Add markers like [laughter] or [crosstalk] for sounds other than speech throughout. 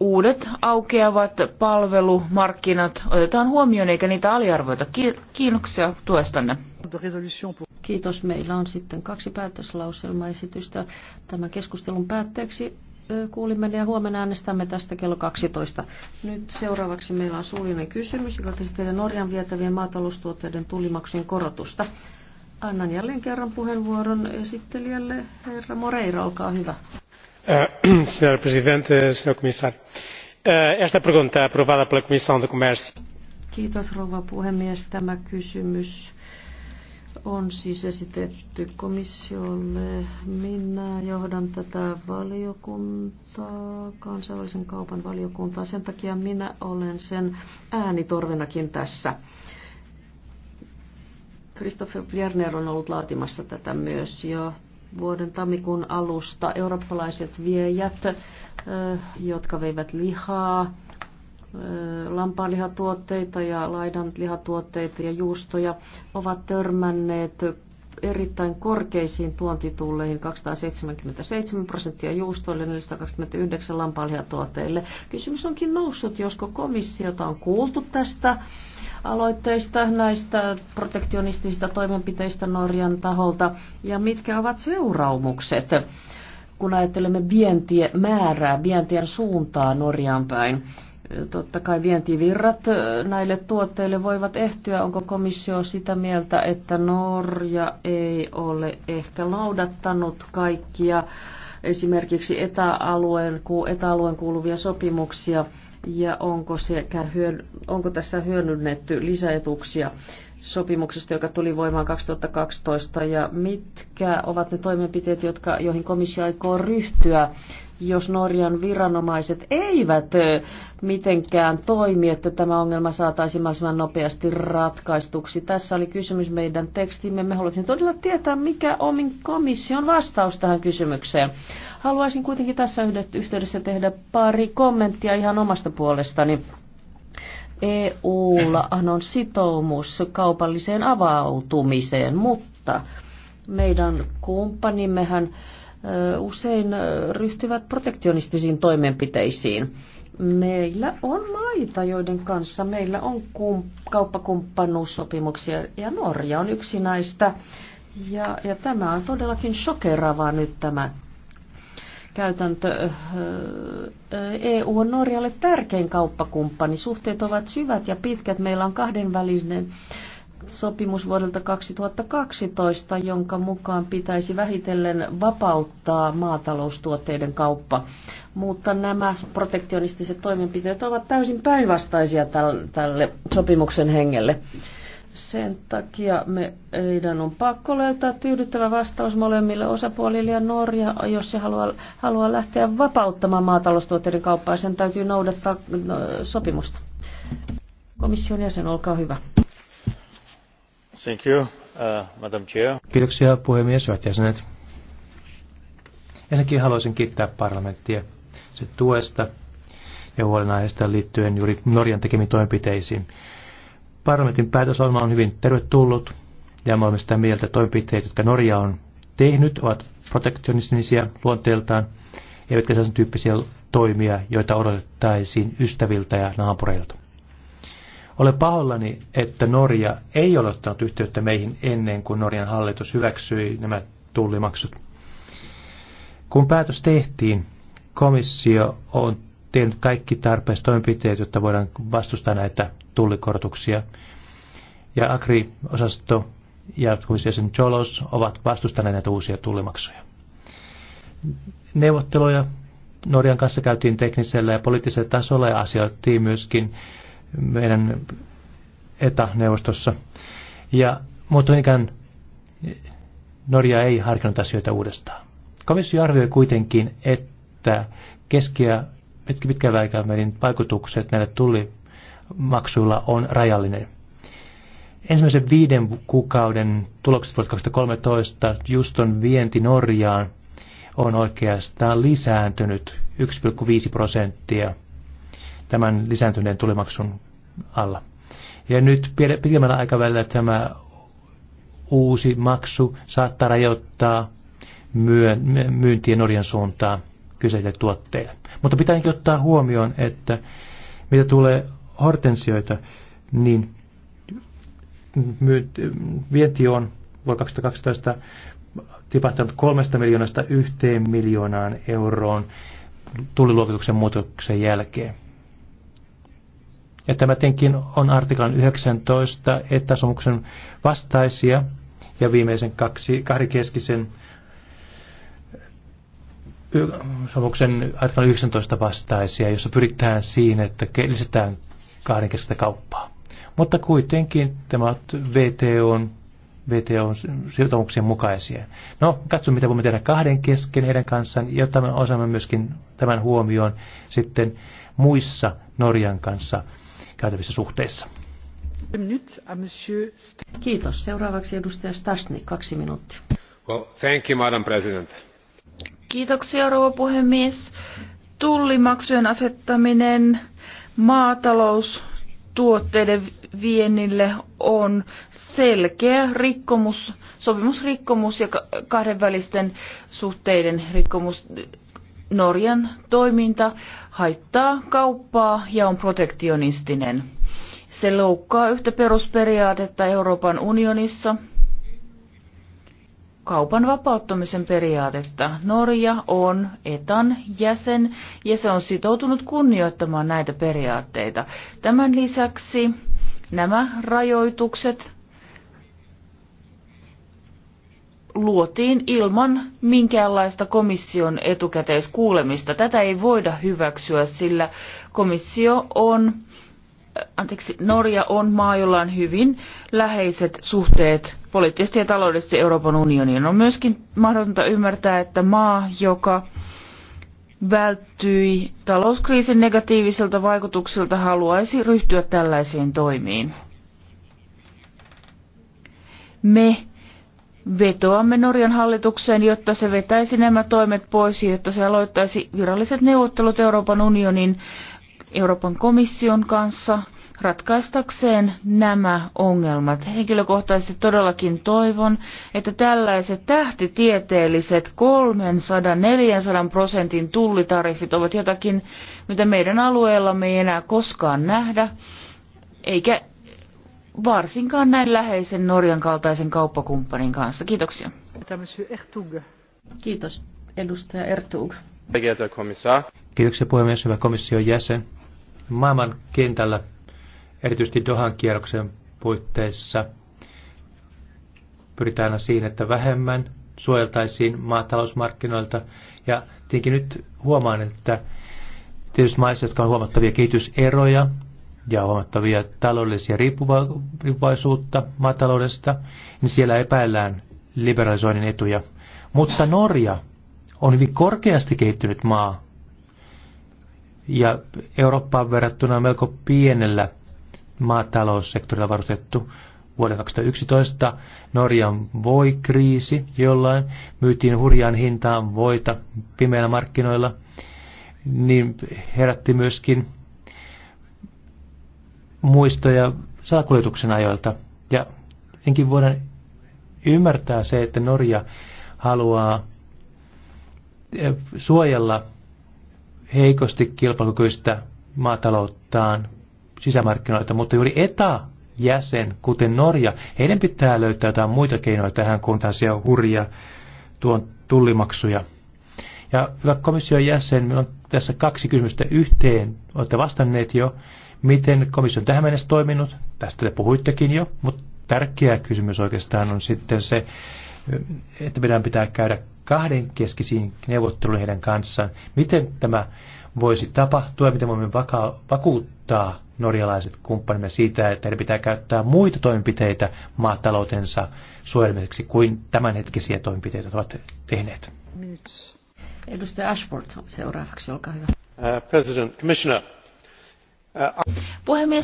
uudet aukeavat palvelumarkkinat otetaan huomioon eikä niitä aliarvoita. Kiinnoksia tuestanne. Kiitos. Meillä on sitten kaksi päätöslauselmaesitystä. Tämän keskustelun päätteeksi kuulimme ja huomenna äänestämme tästä kello 12. Nyt seuraavaksi meillä on suullinen kysymys, joka käsittelee Norjan vietävien maataloustuotteiden tulimaksujen korotusta. Annan jälleen kerran puheenvuoron esittelijälle. Herra Moreira, olkaa hyvä. Eh, [clears throat] senhora presidente senhor komissaari eh, esta pergunta aprovada pela comissão de comércio. Kiitos rouva puhemies. Tämä kysymys on siis esitetty komissiolle. Minä johdan tätä valiokuntaa, kansainvälisen kaupan valiokuntaa. Sen takia minä olen sen äänitorvenakin tässä. Christopher Bjerner on ollut laatimassa tätä myös ja vuoden tammikuun alusta eurooppalaiset viejät, jotka veivät lihaa, lampaanlihatuotteita ja laidanlihatuotteita ja juustoja ovat törmänneet erittäin korkeisiin tuontitulleihin 277 prosenttia juustoille, 429 lampaanlihatuotteille. Kysymys onkin noussut, josko komissiota on kuultu tästä aloitteista, näistä protektionistisista toimenpiteistä Norjan taholta, ja mitkä ovat seuraamukset, kun ajattelemme vientien määrää, vientien suuntaa Norjaan päin. Totta kai vientivirrat näille tuotteille voivat ehtyä. Onko komissio sitä mieltä, että Norja ei ole ehkä laudattanut kaikkia esimerkiksi etäalueen, etäalueen kuuluvia sopimuksia ja onko, sekä hyön, onko tässä hyödynnetty lisäetuksia sopimuksesta, joka tuli voimaan 2012, ja mitkä ovat ne toimenpiteet, jotka, joihin komissio aikoo ryhtyä jos Norjan viranomaiset eivät mitenkään toimi, että tämä ongelma saataisiin mahdollisimman nopeasti ratkaistuksi. Tässä oli kysymys meidän tekstimme. Me haluaisin todella tietää, mikä omin komission vastaus tähän kysymykseen. Haluaisin kuitenkin tässä yhteydessä tehdä pari kommenttia ihan omasta puolestani. EUlla on sitoumus kaupalliseen avautumiseen, mutta meidän kumppanimmehän usein ryhtyvät protektionistisiin toimenpiteisiin. Meillä on maita, joiden kanssa meillä on kauppakumppanuussopimuksia ja Norja on yksi näistä. Ja, ja tämä on todellakin shokeravaa nyt tämä käytäntö. EU on Norjalle tärkein kauppakumppani. Suhteet ovat syvät ja pitkät. Meillä on kahdenvälinen sopimus vuodelta 2012, jonka mukaan pitäisi vähitellen vapauttaa maataloustuotteiden kauppa. Mutta nämä protektionistiset toimenpiteet ovat täysin päinvastaisia tälle sopimuksen hengelle. Sen takia meidän on pakko löytää tyydyttävä vastaus molemmille osapuolille ja Norja, jos se haluaa, haluaa lähteä vapauttamaan maataloustuotteiden kauppaa, sen täytyy noudattaa no, sopimusta. Komission jäsen, olkaa hyvä. Thank you, uh, Madam Chair. Kiitoksia puhemies, hyvät jäsenet. Ensinnäkin haluaisin kiittää parlamenttia sen tuesta ja huolenaiheesta liittyen juuri Norjan tekemiin toimenpiteisiin. Parlamentin päätöslauselma on hyvin tervetullut ja me olemme sitä mieltä toimenpiteet, jotka Norja on tehnyt, ovat protektionismisia luonteeltaan, eivätkä sellaisen tyyppisiä toimia, joita odotettaisiin ystäviltä ja naapureilta. Ole pahollani, että Norja ei ole ottanut yhteyttä meihin ennen kuin Norjan hallitus hyväksyi nämä tullimaksut. Kun päätös tehtiin, komissio on tehnyt kaikki tarpeelliset toimenpiteet, jotta voidaan vastustaa näitä tullikorotuksia. Ja Agri-osasto ja komission Cholos ovat vastustaneet näitä uusia tullimaksuja. Neuvotteluja Norjan kanssa käytiin teknisellä ja poliittisella tasolla ja asioittiin myöskin meidän e neuvostossa Ja, mutta Norja ei harkinnut asioita uudestaan. Komissio arvioi kuitenkin, että keski- ja pitkän aikavälin vaikutukset näille tullimaksuilla on rajallinen. Ensimmäisen viiden kuukauden tulokset vuodesta 2013 Juston vienti Norjaan on oikeastaan lisääntynyt 1,5 prosenttia – tämän lisääntyneen tulimaksun alla. Ja nyt pidemmällä aikavälillä tämä uusi maksu saattaa rajoittaa myyntiä Norjan suuntaan kyseisille tuotteille. Mutta pitääkin ottaa huomioon, että mitä tulee hortensioita, niin vienti on vuonna 2012 tipahtanut kolmesta miljoonasta yhteen miljoonaan euroon tulliluokituksen muutoksen jälkeen. Ja tämä tietenkin on artiklan 19 etäsomuksen vastaisia ja viimeisen kaksi, kahden keskisen sopimuksen artiklan 19 vastaisia, jossa pyritään siihen, että lisätään kahdenkeskistä kauppaa. Mutta kuitenkin tämä on VTOn on mukaisia. No, katso mitä voimme tehdä kahden kesken heidän kanssaan, jotta me osaamme myöskin tämän huomioon sitten muissa Norjan kanssa käytävissä suhteissa. Äh, Kiitos. Seuraavaksi edustaja Stasni, kaksi minuuttia. Well, thank you, Madam President. Kiitoksia, rouva puhemies. Tullimaksujen asettaminen maataloustuotteiden viennille on selkeä rikkomus, sopimusrikkomus ja kahdenvälisten suhteiden rikkomus. Norjan toiminta haittaa kauppaa ja on protektionistinen. Se loukkaa yhtä perusperiaatetta Euroopan unionissa, kaupan vapauttamisen periaatetta. Norja on etan jäsen ja se on sitoutunut kunnioittamaan näitä periaatteita. Tämän lisäksi nämä rajoitukset luotiin ilman minkäänlaista komission etukäteiskuulemista. Tätä ei voida hyväksyä, sillä komissio on, anteeksi, Norja on maa, jolla on hyvin läheiset suhteet poliittisesti ja taloudellisesti Euroopan unioniin. On myöskin mahdotonta ymmärtää, että maa, joka välttyi talouskriisin negatiivisilta vaikutuksilta, haluaisi ryhtyä tällaisiin toimiin. Me vetoamme Norjan hallitukseen, jotta se vetäisi nämä toimet pois, jotta se aloittaisi viralliset neuvottelut Euroopan unionin, Euroopan komission kanssa ratkaistakseen nämä ongelmat. Henkilökohtaisesti todellakin toivon, että tällaiset tähtitieteelliset 300-400 prosentin tullitariffit ovat jotakin, mitä meidän alueellamme ei enää koskaan nähdä, eikä varsinkaan näin läheisen Norjan kaltaisen kauppakumppanin kanssa. Kiitoksia. Kiitos, edustaja Ertug. Kiitoksia puhemies, hyvä komission jäsen. Maailman kentällä, erityisesti Dohan kierroksen puitteissa, pyritään aina siihen, että vähemmän suojeltaisiin maatalousmarkkinoilta. Ja tietenkin nyt huomaan, että tietysti maissa, jotka on huomattavia kehityseroja, ja huomattavia taloudellisia riippuvaisuutta maataloudesta, niin siellä epäillään liberalisoinnin etuja. Mutta Norja on hyvin korkeasti kehittynyt maa ja Eurooppaan verrattuna on melko pienellä maataloussektorilla varustettu. Vuoden 2011 Norjan voi-kriisi, jollain myytiin hurjaan hintaan voita pimeillä markkinoilla, niin herätti myöskin muistoja salakuljetuksen ajoilta. Ja jotenkin voidaan ymmärtää se, että Norja haluaa eh, suojella heikosti kilpailukykyistä maatalouttaan, sisämarkkinoita, mutta juuri ETA-jäsen, kuten Norja, heidän pitää löytää jotain muita keinoja tähän taas on hurja tuon tullimaksuja. Ja hyvä komission jäsen, meillä on tässä kaksi kysymystä yhteen. Olette vastanneet jo. Miten komissio on tähän mennessä toiminut? Tästä te puhuittekin jo, mutta tärkeä kysymys oikeastaan on sitten se, että meidän pitää käydä kahden keskisiin neuvotteluihin heidän kanssaan. Miten tämä voisi tapahtua ja miten voimme vaka- vakuuttaa norjalaiset kumppanimme siitä, että heidän pitää käyttää muita toimenpiteitä maataloutensa suojelmiseksi kuin tämänhetkisiä toimenpiteitä ovat tehneet. Edustaja Ashford seuraavaksi, olkaa hyvä. Uh, President, Commissioner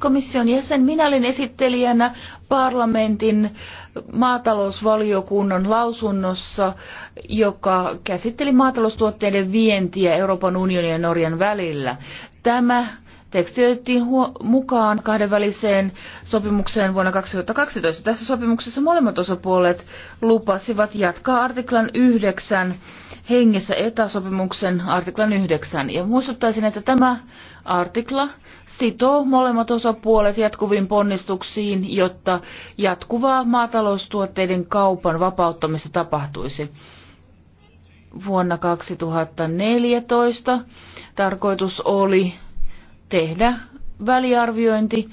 komission jäsen, minä olin esittelijänä parlamentin maatalousvaliokunnan lausunnossa, joka käsitteli maataloustuotteiden vientiä Euroopan unionin ja Norjan välillä. Tämä Teksti otettiin mukaan kahdenväliseen sopimukseen vuonna 2012. Tässä sopimuksessa molemmat osapuolet lupasivat jatkaa artiklan 9 hengessä etäsopimuksen artiklan 9. Ja muistuttaisin, että tämä artikla sitoo molemmat osapuolet jatkuviin ponnistuksiin, jotta jatkuvaa maataloustuotteiden kaupan vapauttamista tapahtuisi vuonna 2014. Tarkoitus oli tehdä väliarviointi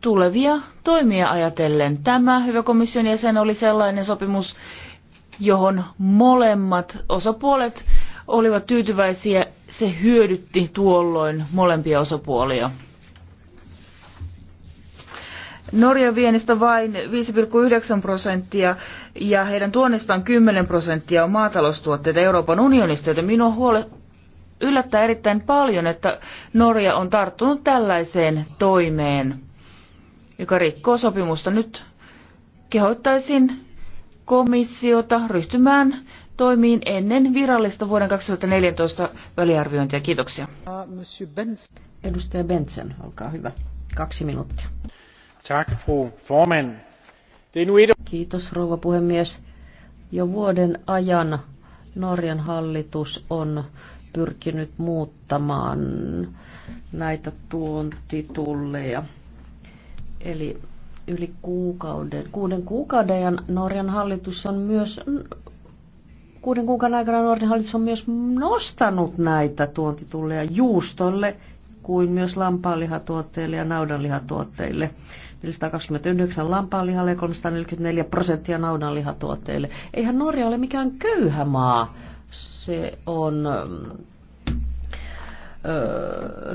tulevia toimia ajatellen. Tämä, hyvä komission jäsen, oli sellainen sopimus, johon molemmat osapuolet olivat tyytyväisiä. Se hyödytti tuolloin molempia osapuolia. Norjan viennistä vain 5,9 prosenttia ja heidän tuonnistaan 10 prosenttia on maataloustuotteita Euroopan unionista, joten minua huole, yllättää erittäin paljon, että Norja on tarttunut tällaiseen toimeen, joka rikkoo sopimusta. Nyt kehottaisin komissiota ryhtymään toimiin ennen virallista vuoden 2014 väliarviointia. Kiitoksia. Edustaja Benson, olkaa hyvä. Kaksi minuuttia. Tack, fru er Kiitos, rouva puhemies. Jo vuoden ajan Norjan hallitus on pyrkinyt muuttamaan näitä tuontitulleja. Eli yli kuukauden, kuuden kuukauden ja Norjan hallitus on myös kuuden kuukauden aikana Norjan hallitus on myös nostanut näitä tuontitulleja juustolle kuin myös lampaanlihatuotteille ja naudanlihatuotteille. 429 lampaanlihalle ja 344 prosenttia naudanlihatuotteille. Eihän Norja ole mikään köyhä maa se on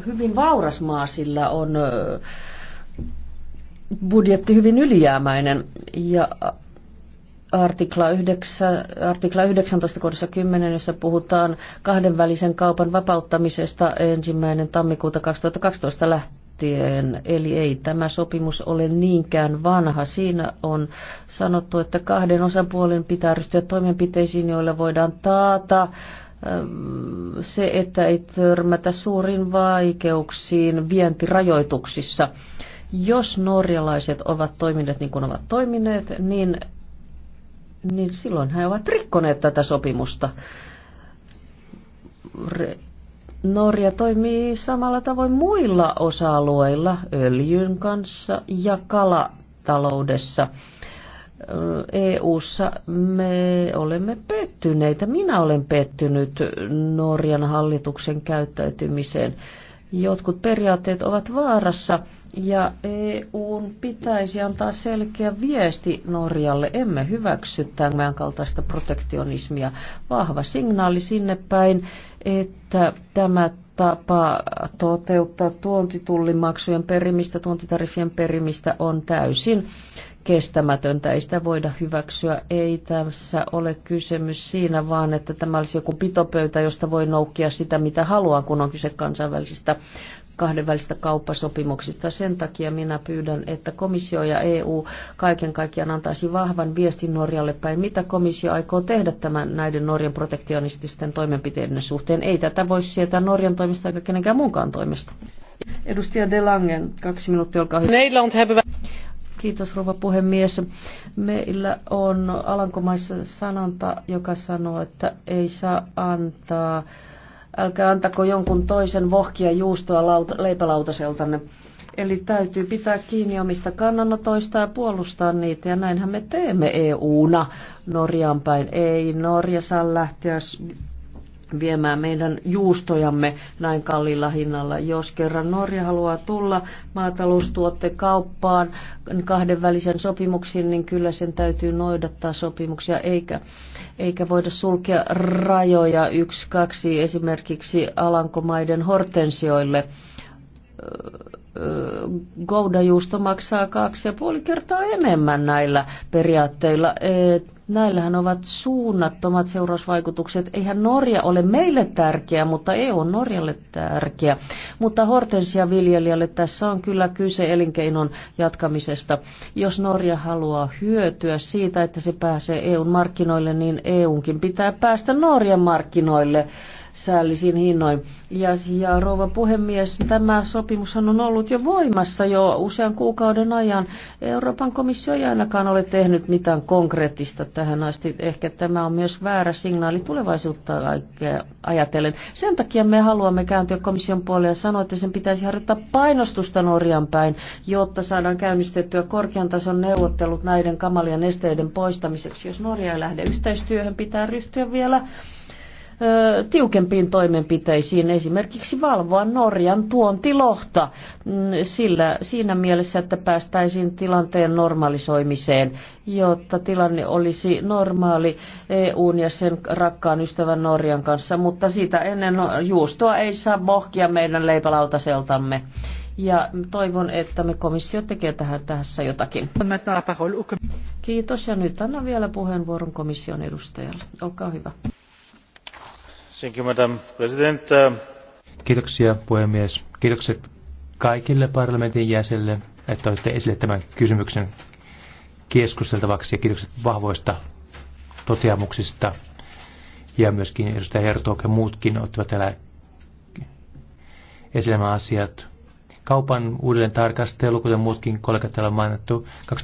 hyvin vauras maa, sillä on budjetti hyvin ylijäämäinen ja artikla, 9, artikla 19 kohdassa 10, jossa puhutaan kahdenvälisen kaupan vapauttamisesta ensimmäinen tammikuuta 2012 lähtien lähtien. Eli ei tämä sopimus ole niinkään vanha. Siinä on sanottu, että kahden osapuolen pitää ryhtyä toimenpiteisiin, joilla voidaan taata ähm, se, että ei törmätä suurin vaikeuksiin vientirajoituksissa. Jos norjalaiset ovat toimineet niin kuin ovat toimineet, niin, niin silloin he ovat rikkoneet tätä sopimusta. Re- Norja toimii samalla tavoin muilla osa-alueilla, öljyn kanssa ja kalataloudessa. EU:ssa me olemme pettyneitä. Minä olen pettynyt Norjan hallituksen käyttäytymiseen. Jotkut periaatteet ovat vaarassa ja EUn pitäisi antaa selkeä viesti Norjalle. Emme hyväksy tämän kaltaista protektionismia. Vahva signaali sinne päin että tämä tapa toteuttaa tuontitullimaksujen perimistä, tuontitariffien perimistä on täysin kestämätöntä. Ei sitä voida hyväksyä. Ei tässä ole kysymys siinä, vaan että tämä olisi joku pitopöytä, josta voi noukkia sitä, mitä haluaa, kun on kyse kansainvälisistä kahdenvälistä kauppasopimuksista. Sen takia minä pyydän, että komissio ja EU kaiken kaikkiaan antaisi vahvan viestin Norjalle päin, mitä komissio aikoo tehdä tämän näiden Norjan protektionististen toimenpiteiden suhteen. Ei tätä voisi sietää Norjan toimesta eikä kenenkään muunkaan toimesta. Edustaja Delangen, kaksi minuuttia, olkaa hyvä. Nederland hebben Kiitos rouva puhemies. Meillä on Alankomaissa sanonta, joka sanoo, että ei saa antaa Älkää antako jonkun toisen vohkia juustoa lauta, leipälautaseltanne. Eli täytyy pitää kiinni omista kannanotoista ja puolustaa niitä, ja näinhän me teemme EU-na Norjaan päin. Ei Norja saa lähteä viemään meidän juustojamme näin kalliilla hinnalla. Jos kerran Norja haluaa tulla maataloustuottekauppaan kahdenvälisen sopimuksiin, niin kyllä sen täytyy noidattaa sopimuksia, eikä, eikä voida sulkea rajoja yksi, kaksi esimerkiksi Alankomaiden hortensioille goudajuusto maksaa kaksi ja puoli kertaa enemmän näillä periaatteilla. E, näillähän ovat suunnattomat seurausvaikutukset. Eihän Norja ole meille tärkeä, mutta EU on Norjalle tärkeä. Mutta hortensia viljelijälle tässä on kyllä kyse elinkeinon jatkamisesta. Jos Norja haluaa hyötyä siitä, että se pääsee EUn markkinoille, niin EUnkin pitää päästä Norjan markkinoille säällisin hinnoin. Ja, ja rouva puhemies, tämä sopimus on ollut jo voimassa jo usean kuukauden ajan. Euroopan komissio ei ainakaan ole tehnyt mitään konkreettista tähän asti. Ehkä tämä on myös väärä signaali tulevaisuutta ajatellen. Sen takia me haluamme kääntyä komission puolelle ja sanoa, että sen pitäisi harjoittaa painostusta Norjan päin, jotta saadaan käynnistettyä korkean tason neuvottelut näiden kamalien esteiden poistamiseksi. Jos Norja ei lähde yhteistyöhön, pitää ryhtyä vielä tiukempiin toimenpiteisiin, esimerkiksi valvoa Norjan tuontilohta mm, sillä, siinä mielessä, että päästäisiin tilanteen normalisoimiseen, jotta tilanne olisi normaali EUn ja sen rakkaan ystävän Norjan kanssa, mutta siitä ennen juustoa ei saa mohkia meidän leipälautaseltamme ja toivon, että me komissio tekee tähän tässä jotakin. Kiitos ja nyt annan vielä puheenvuoron komission edustajalle. Olkaa hyvä. Kiitoksia puhemies. Kiitokset kaikille parlamentin jäsenille, että otitte esille tämän kysymyksen keskusteltavaksi ja kiitokset vahvoista toteamuksista. Ja myöskin edustaja Hertog ja muutkin ottivat täällä esille nämä asiat. Kaupan uudelleen tarkastelu, kuten muutkin kollegat täällä on mainittu, 2013-2014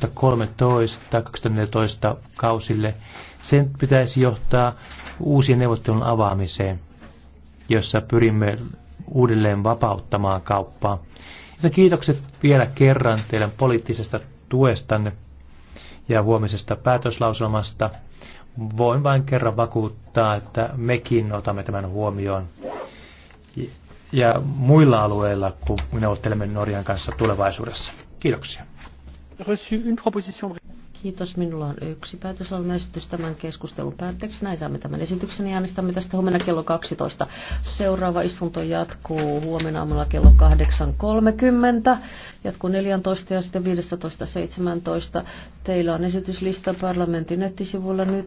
kausille, sen pitäisi johtaa uusien neuvottelun avaamiseen, jossa pyrimme uudelleen vapauttamaan kauppaa. Ja kiitokset vielä kerran teidän poliittisesta tuestanne ja huomisesta päätöslauselmasta. Voin vain kerran vakuuttaa, että mekin otamme tämän huomioon ja muilla alueilla, kun neuvottelemme Norjan kanssa tulevaisuudessa. Kiitoksia. Kiitos. Minulla on yksi päätöslaumaesitys tämän keskustelun päätteeksi. Näin saamme tämän esityksen ja äänestämme tästä huomenna kello 12. Seuraava istunto jatkuu huomenna aamulla kello 8.30. Jatkuu 14 ja sitten 15.17. Teillä on esityslista parlamentin nettisivuilla nyt.